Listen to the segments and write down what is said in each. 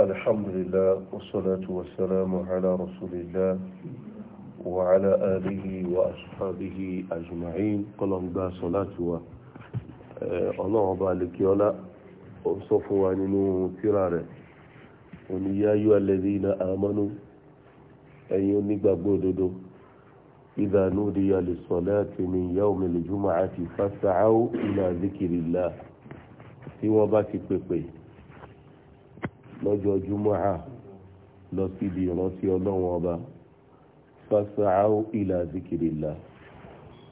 الحمد لله والصلاة والسلام على رسول الله وعلى آله وأصحابه أجمعين قلهم با صلاة و الله بالك يولا وصفوا عنه كرارة يا أيها الذين آمنوا أن ينقى بوددو إذا نودي للصلاة من يوم الجمعة فاسعوا إلى ذكر الله في وباك بيبي lọ́jọ́ jumu'a lọ síbi ìrántí ọlọ́run ọba fasa'au ila zikirillah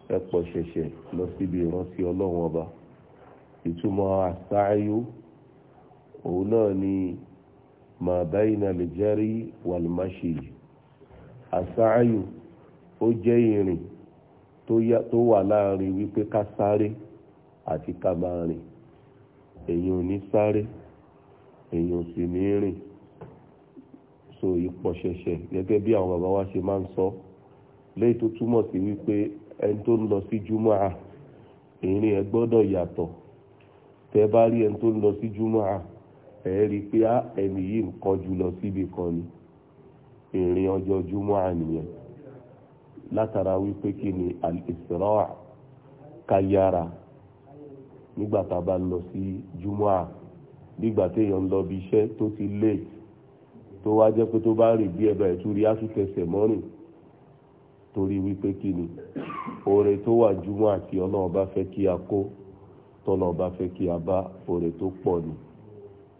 ẹ pọ̀ ṣẹ̀ṣẹ̀ lọ síbi ìrántí ọlọ́run ọba ìtumọ̀ àsáyú òun náà ni ma bayna al-jari wal-mashi àsáyú ó jẹ́ ìrìn tó wà láàrin wípé ká sáré àti ká máa rìn èyí ò ní sáré èèyàn sì ní rìn so ipò ṣẹ̀ṣẹ̀ gẹ́gẹ́ bí àwọn bàbá wa ṣe máa ń sọ lẹ́yìn tó túmọ̀ sí wípé ẹni tó ń lọ sí júmọ́à ìrìn ẹ gbọ́dọ̀ yàtọ̀ tẹ bá rí ẹni tó ń lọ sí júmọ́à ẹ rí i pé ẹni yìí ń kọjú lọ síbi kan ni ìrìn ọjọ́ júmọ́à nìyẹn látara wípé kí ni al ká yára nígbà tá a bá lọ sí júmọ́à nígbà téèyàn ń lọ bí iṣẹ́ tó ti late tó wá jẹ́ pé tó bá rìn bí ẹ̀bà ẹ̀tú rí ásùtẹsẹ̀ mọ́rìn torí wípé kí ni oore tó wà júmọ́ àti ọlọ́run bá fẹ́ kí a kó tọ́lọ́ bá fẹ́ kí a bá oore tó pọ̀ ni.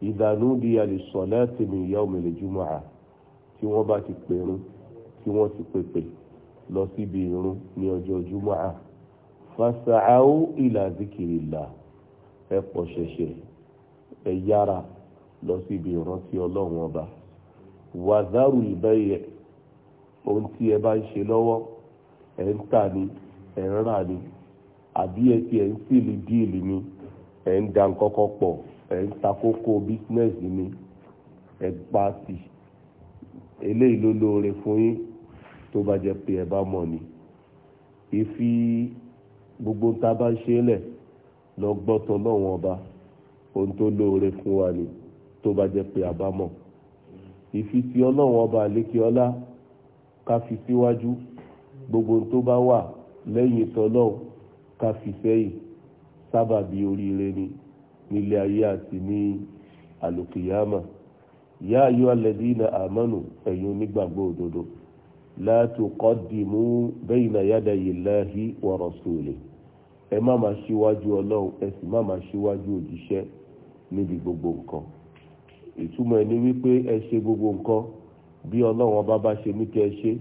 ìdààmú di àlùsọ̀lá tèmi ìyá òmìnira júmọ́ à tí wọ́n bá ti pèrún tí wọ́n ti pèpè lọ síbi irun ní ọjọ́ júmọ́ à fàṣà áwò ìlà zikiri là ẹ ṣẹ̀ṣẹ̀ ẹ yára lọ síbi ìrántí ọlọ́run ọba wàzárù ìbẹ́yẹ ohun tí ẹ bá ń ṣe lọ́wọ́ ẹ ń tà ní ẹ ń rà ní àbí ẹ ti ẹ ń sílì díìlì ni ẹ ń da kọ́kọ́ pọ̀ ẹ ń ta bísínẹ́sì ni ẹ pa tì eléyìí ló lóore fún yín tó bá jẹ́ pé ẹ bá mọ̀ ni ìfi gbogbo tá bá ń ṣe lẹ̀ lọ gbọ́tọ̀ lọ́wọ́n ọba ohun tó lóore fún wa ni tó bá jẹ́ pé àbámọ̀ ìfisí ọlọ́run ọba àlékè ọlá ká fi síwájú gbogbo ohun tó bá wà lẹ́yìn tọlọ́run ká fi sẹ́yìn sábàbí oríire ni nílé ayé àti ní àlùkìyàmà yá ayé alẹ́dínà àmọ́nù ẹ̀yin onígbàgbọ́ òdodo la tuqaddimu bayna yadayi llahi wa rasulihi ẹ má máa ṣíwájú ọlọ́run ẹ sì má máa ṣíwájú òjíṣẹ́ níbi gbogbo nǹkan ìtumọ̀ ẹ̀ ni wípé ẹ ṣe gbogbo nǹkan bí ọlọ́run ọba bá ṣe ní kẹ́ ẹ ṣe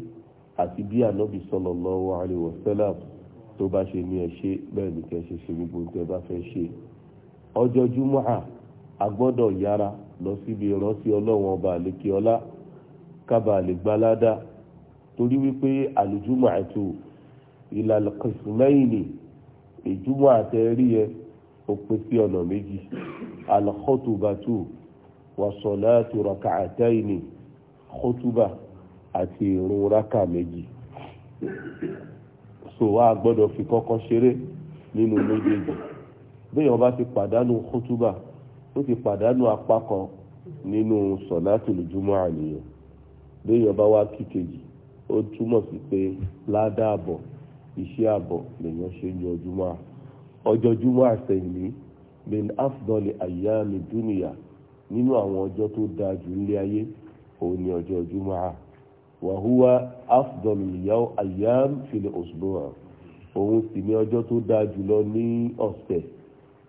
àti bí ànábì sallallahu alaihi wasallam tó bá ṣe ní ẹ ṣe bẹ́ẹ̀ ní kẹ́ ẹ ṣe ṣe gbogbo nǹkan ẹ bá fẹ́ ṣe ọjọ́ júmọ́à a gbọ́dọ̀ yára lọ síbi ìrántí ọlọ́run ọba àlékè ọlá kábà lè gbalada torí wípé àlùjúmọ̀ àìtó ìlànà kìsùnmẹ́yìn nìyí ìjúmọ̀ àtẹ̀rí yẹn ó pín sí ọ̀nà méjì alakọ́tùbàtù wasọ̀láàtù rakàtàìní kọ́tùbà àti ìrun rákà méjì so wa gbọ́dọ̀ fi kọ́kọ́ ṣeré nínú méjèèjì bẹ́ẹ̀ ọba ti pàdánù kọ́tùbà ó ti pàdánù apá kan nínú sọ̀láàtù lójúmọ́ àníyàn bẹ́ẹ̀ ọba wa kíkejì ó túmọ̀ sí pé ládàbọ̀ iṣẹ́ àbọ̀ lèèyàn ṣe ní ọjọ́mọ́ à ọjọ́ júmọ́ àsẹ̀yìnlé bin afdọ́lẹ̀ ayyami dúnìyà nínú àwọn ọjọ́ tó dáa jù nílé ayé òun ni ọjọ́ júmọ́ à wàhúwá afdọ́lẹ̀ ìyàwó ayyam fìlẹ̀ òṣùbọ̀ à òun sì ni ọjọ́ tó dáa jùlọ ní ọ̀sẹ̀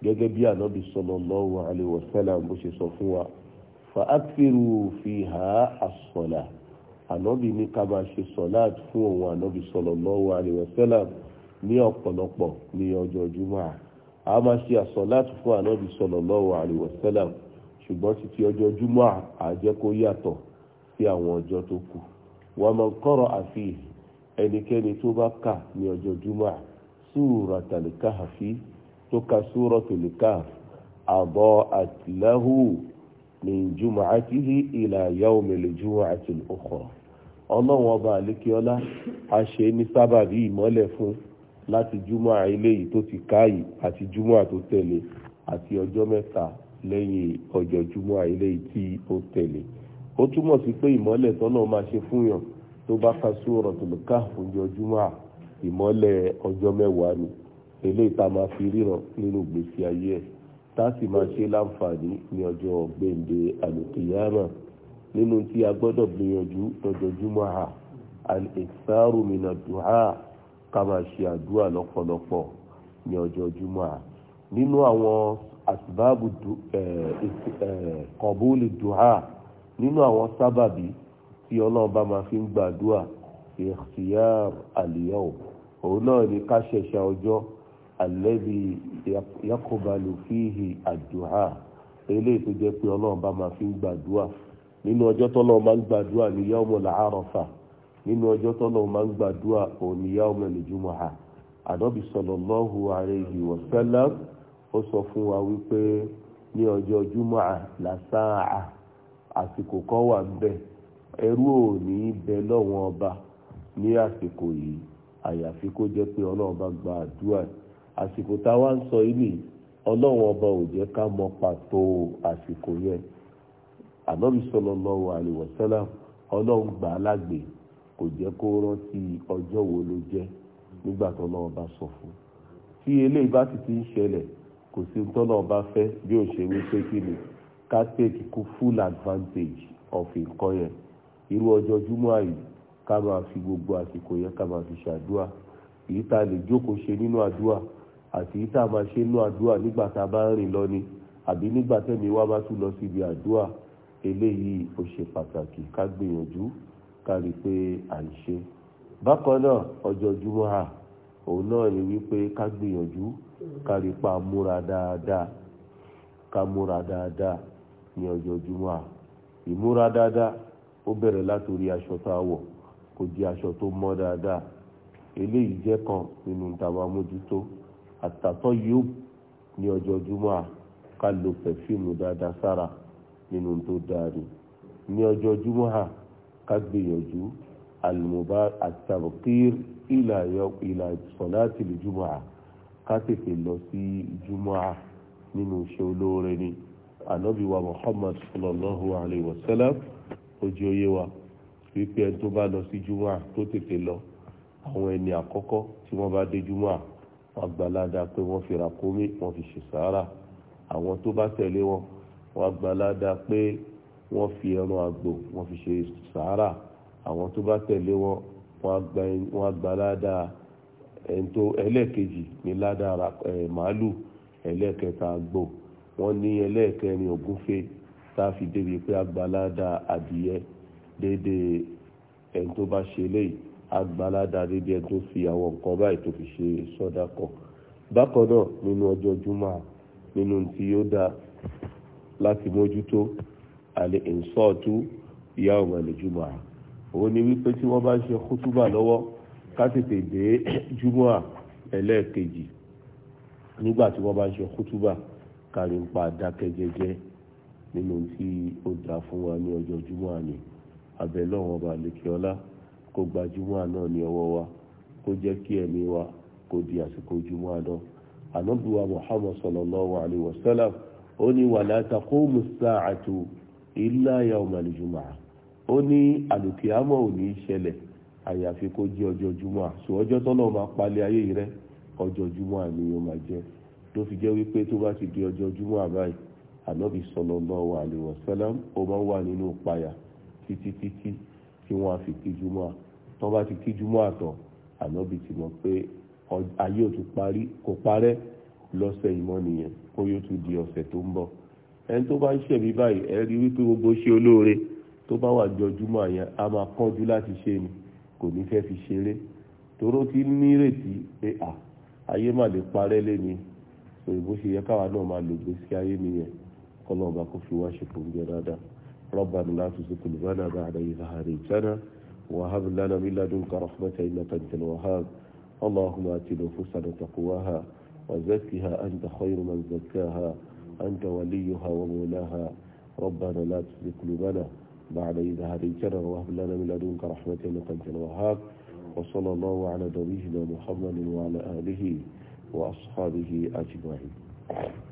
gẹ́gẹ́ bí ànábì sallallahu alaihi wasallam bó ṣe sọ fún wa fa akfiru fiha as-salah ànábì ní ká máa ṣe sọ̀láàt fún òun ànábì sallallahu alaihi wasallam ní ọ̀pọ̀lọpọ̀ ní ọjọ́ jùmọ̀ a máa ṣe àsọ̀láàt fún ànábì sallallahu alaihi wasallam ṣùgbọ́n títí ọjọ́ jùmọ̀ àjẹ́ kó yàtọ̀ sí àwọn ọjọ́ tó kù wa man qara'a fihi ẹnikẹ́ni tó bá kà ní ọjọ́ jùmọ̀ suratul kahfi tó ka suratul kahf àbọ̀ àtìlẹ́hù من jumu'atihi إلى يوم jumu'atil الأخرى. ọlọ́run ọba àlékiọ́lá a ṣe ní sábàbí ìmọ́lẹ̀ fún láti júmọ́ eléyìí tó ti káyìí àti júmọ́ tó tẹ̀lé àti ọjọ́ mẹ́ta lẹ́yìn ọjọ́ júmọ́ eléyìí tí ó tẹ̀lé ó túmọ̀ sí pé ìmọ́lẹ̀ tọ́nà máa ṣe fún yàn tó bá ka Suratul Kahf fúnjọ júmọ́ ìmọ́lẹ̀ ọjọ́ mẹ́wàá ni eléyìí tá a máa fi ríran nínú ìgbésí ayé ẹ̀ táàsì máa ṣe láǹfààní ní ọjọ́ gbèǹde àlùkìyàmà nínú tí a gbọ́dọ̀ gbìyànjú lọ́jọ́júmọ́ ha al-iksaru mina duha ká máa ṣe àdúrà lọ́pọ̀lọpọ̀ ní ọjọ́júmọ́ ha nínú àwọn asibáàbù kọ̀bùlì duha nínú àwọn sábàbí tí ọlọ́run bá máa fi ń gbàdúrà ikhtiyar al-yawm náà ni ká ṣẹ̀ṣẹ̀ ọjọ́ alladhi yaqbalu fihi ad-du'a eléyìí tó jẹ́ pé ọlọ́run bá fi ń gbàdúrà nínú ọjọ́ tọ́lọ́run máa ń gbàdúrà ní yawmul arafa nínú ọjọ́ tọ́lọ́run máa ń gbàdúrà òun ní o jumu'a ànábì sallallahu àsìkò kan wà ń bẹ ẹrú ò ní í bẹ lọ́wọ́n ọba ní àsìkò yìí àyàfi kó jẹ́ pé ọlọ́run gba àdúrà àsìkò tá a wá ń sọ ilé ọlọ́run ọba ò jẹ́ ká mọ pàtó àsìkò yẹn ànábì sallallahu alaihi wasallam ọlọ́run gbà á lágbè kò jẹ́ kó rántí ọjọ́ wo ló jẹ́ nígbà tó lọ́wọ́ bá sọ fún un tí eléyìí bá sì ti ń ṣẹlẹ̀ kò sí tó lọ́wọ́ bá fẹ́ bí ó ṣe wí pé kí ni ká take full advantage of nǹkan yẹn irú ọjọ́ júmọ́ àyè ká máa fi gbogbo àsìkò yẹn ká máa fi ṣàdúà èyí tá a lè jókòó ṣe nínú àdúà àti ìta máa ṣe nú àdúrà nígbà tá a bá ń rìn lọ ni àbí nígbà tẹ́mi wá bá tún lọ síbi àdúrà eléyìí ó ṣe pàtàkì ká gbìyànjú ká rí i pé à ń ṣe. bákan náà ọjọ́ júmọ́à òun náà ni wípé ká gbìyànjú ká rí i pa múra dáadáa ká múra dáadáa ní ọjọ́ júmọ́à ìmúra dáadáa ó bẹ̀rẹ̀ látòrí aṣọ tá a wọ̀ kó jẹ́ aṣọ tó mọ́ dáadáa eléyìí jẹ́ kan nínú tá a àtàtọ́ yóò ní ọjọ́ júmọ́ à ká lo pẹ̀fíìmù dáadáa sára nínú tó dáadé ní ọjọ́ júmọ́ à ká gbìyànjú àlùmọ́bá àtàbùkír ìlà sọ̀láàtì júmọ́ à ká tètè lọ sí júmọ́ à nínú iṣẹ́ olóore ni ànábì wa muhammad sallallahu alayhi wa sallam ojú oyé wa wípé ẹni tó bá lọ sí júmọ́ à tó tètè lọ àwọn ẹni àkọ́kọ́ tí wọ́n bá dé júmọ́ à wọ́n gbalada pé wọ́n fi ràkúnmí wọ́n fi ṣe sàárà àwọn tó bá tẹ̀lé wọn wọ́n gbalada pé wọ́n fi ẹran àgbò wọ́n fi ṣe sàárà àwọn tó bá tẹ̀lé wọn wọ́n gbalada ẹ̀ńtó ẹlẹ́ẹ̀kejì ní ládàá màálù ẹlẹ́ẹ̀kẹta àgbò wọ́n ní ẹlẹ́ẹ̀kẹrin ògúnfe tá a fi débi pé agbalada adìyẹ déédéé ẹ̀ńtó bá ṣe léyìí àgbàládà dédé ẹ tó fi àwọn nǹkan báyìí tó fi ṣe sọ́dà kọ̀ bákan náà nínú ọjọ́ júmọ́ nínú tí ó dáa láti mójútó àlè ìsọ́ọ̀tú ìyá ọ̀gbọ̀n ìjùmọ̀ à òun ni wípé tí wọ́n bá ń ṣe kútúbà lọ́wọ́ ká tètè dé júmọ́ à ẹlẹ́ẹ̀kejì nígbà tí wọ́n bá ń ṣe kútúbà kárí ń pa dákẹ́ nínú tí ó dáa fún wa ní ọjọ́ júmọ́ àná abẹ́ lọ́wọ́ ọba lèkè kó gba jùmọ̀ àná ní ọwọ́ wa kó jẹ́ kí ẹ̀mí wa kó di àsìkò jùmọ̀ àná ànábì wa muhammad sallallahu alayhi wa sallam ó ní wala taqumu as-sa'atu illa yawm al ó ní àlùkìyámọ̀ ò ní ṣẹlẹ̀ àyàfi kó jẹ́ ọjọ́ jùmọ̀ àṣọ ọjọ́ tọ́lọ́ máa palẹ̀ ayé rẹ ọjọ́ jùmọ̀ àní yóò máa jẹ́ ló fi jẹ́ wípé tó bá ti di ọjọ́ jùmọ̀ àbáyé ànábì sallallahu alayhi wa sallam ó máa wà nínú ìpayà títí tí wọ́n á fi kíjú mọ́ a tí wọ́n bá ti kíjú mọ́ àtọ̀ ànábì ti mọ̀ pé ayé ò tún parí kò parẹ́ lọ́sẹ̀ ìmọ̀ nìyẹn kó yóò tún di ọ̀sẹ̀ tó ń bọ̀ ẹni tó bá ń ṣẹ̀mí báyìí ẹ rí wípé gbogbo ṣe olóore tó bá wà jọjúmọ́ àyàn a máa kánjú láti ṣe ni kò ní fẹ́ fi ṣeré toró ti nírètí pé à ayé mà lè parẹ́ lémi òyìnbó ṣe yẹ káwa náà máa lògbé sí ayé nìyẹn kọ́lọ́ọ̀bá kò fi wá ṣe kò ń jẹ dáadáa. ربنا لا تزغ قلوبنا بعد إذ هديتنا وهب لنا من لدنك رحمة إنك أنت الوهاب اللهم آت نفوسنا تقواها وزكها أنت خير من زكاها أنت وليها ومولاها ربنا لا تزغ قلوبنا بعد إذ هديتنا وهب لنا من لدنك رحمة إنك أنت الوهاب وصلى الله على نبينا محمد وعلى آله وأصحابه أجمعين